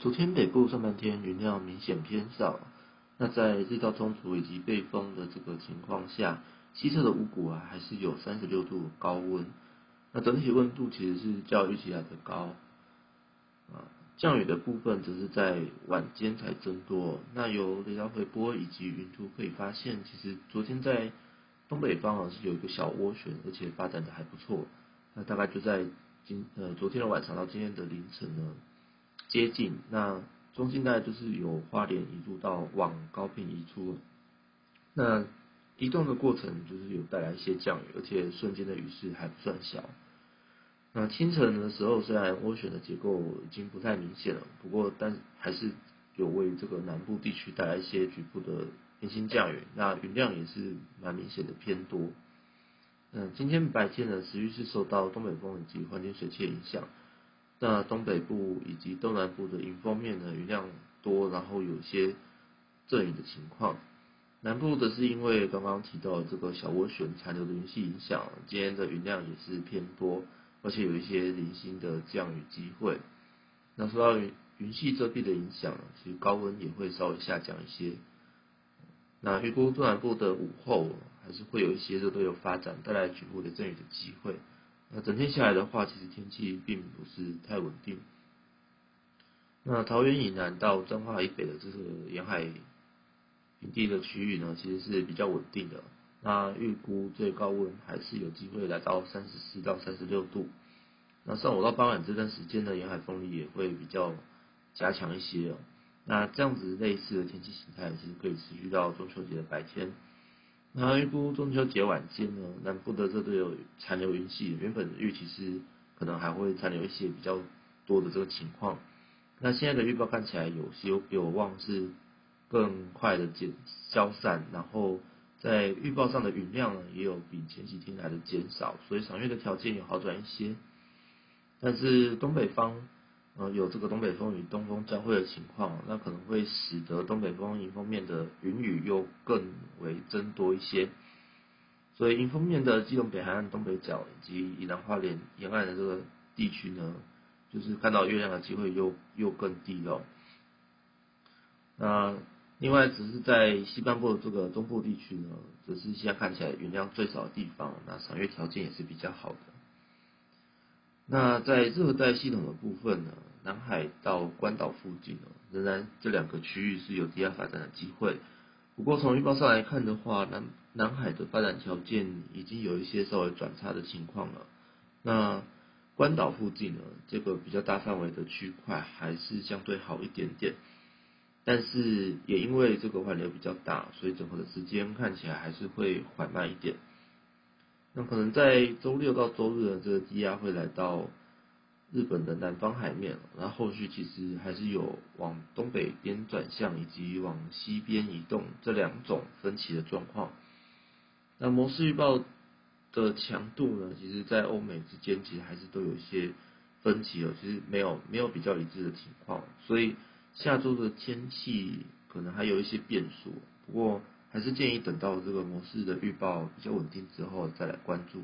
昨天北部上半天雲量明顯偏少，那在日照充足以及背風的這個情況下，西側的五股啊還是有三十六度的高溫，那整體溫度其實是較預期來的高，啊，降雨的部分則是在晚間才增多。那由雷達迴波以及雲圖可以發現，其實昨天在東北方啊是有一個小渦旋，而且發展的還不錯。那大概就在今呃昨天的晚上到今天的凌晨呢。接近那中心帶就是有花蓮移入到往高屏移出了，那移動的過程就是有帶來一些降雨，而且瞬間的雨勢還不算小。那清晨的時候雖然渦旋的結構已經不太明顯了，不過但還是有為這個南部地區帶來一些局部的零星降雨，那雲量也是蠻明顯的偏多。嗯，今天白天呢持續是受到東北風以及環境水汽的影響。那東北部以及東南部的迎風面呢，雲量多，然後有些陣雨的情況。南部的是因為剛剛提到的這個小渦旋殘留的雲系影響，今天的雲量也是偏多，而且有一些零星的降雨機會。那受到雲雲系遮蔽的影響，其實高溫也會稍微下降一些。那預估東南部的午後還是會有一些熱對流發展，帶來局部的陣雨的機會。那整天下來的話，其實天氣並不是太穩定。那桃園以南到彰化以北的這個沿海平地的區域呢，其實是比較穩定的。那預估最高溫還是有機會來到三十四到三十六度。那上午到傍晚這段時間呢，沿海風力也會比較加強一些哦。那這樣子類似的天氣形態，其實可以持續到中秋節的白天。那預估中秋節晚間呢，南部的這都有殘留雲系，原本的預期是可能還會殘留一些比較多的這個情況，那現在的預報看起來有有有望是更快的減消散，然後在預報上的雲量呢，也有比前幾天來的減少，所以賞月的條件有好轉一些，但是東北方。呃、有這個東北風與東風交匯的情況，那可能會使得東北風迎風面的雲雨又更為增多一些。所以迎風面的基隆北海岸東北角以及宜蘭花蓮沿岸的這個地區呢，就是看到月亮的機會又又更低了。那另外只是在西半部的這個中部地區呢，只是現在看起來雲量最少的地方，那賞月條件也是比較好的。那在熱帶系統的部分呢，南海到關島附近呢，仍然這兩個區域是有低壓發展的機會。不過從預報上來看的話，南南海的發展條件已經有一些稍微轉差的情況了。那關島附近呢，這個比較大範圍的區塊還是相對好一點點，但是也因為這個環流比較大，所以整合的時間看起來還是會緩慢一點。那可能在週六到週日呢，這個低壓會來到日本的南方海面，然後後續其實還是有往東北邊轉向以及往西邊移動這兩種分歧的狀況。那模式預報的強度呢，其實，在歐美之間其實還是都有一些分歧的，其實沒有沒有比較一致的情況，所以下週的天氣可能還有一些變數，不過。還是建議等到這個模式的預報比較穩定之後再來關注。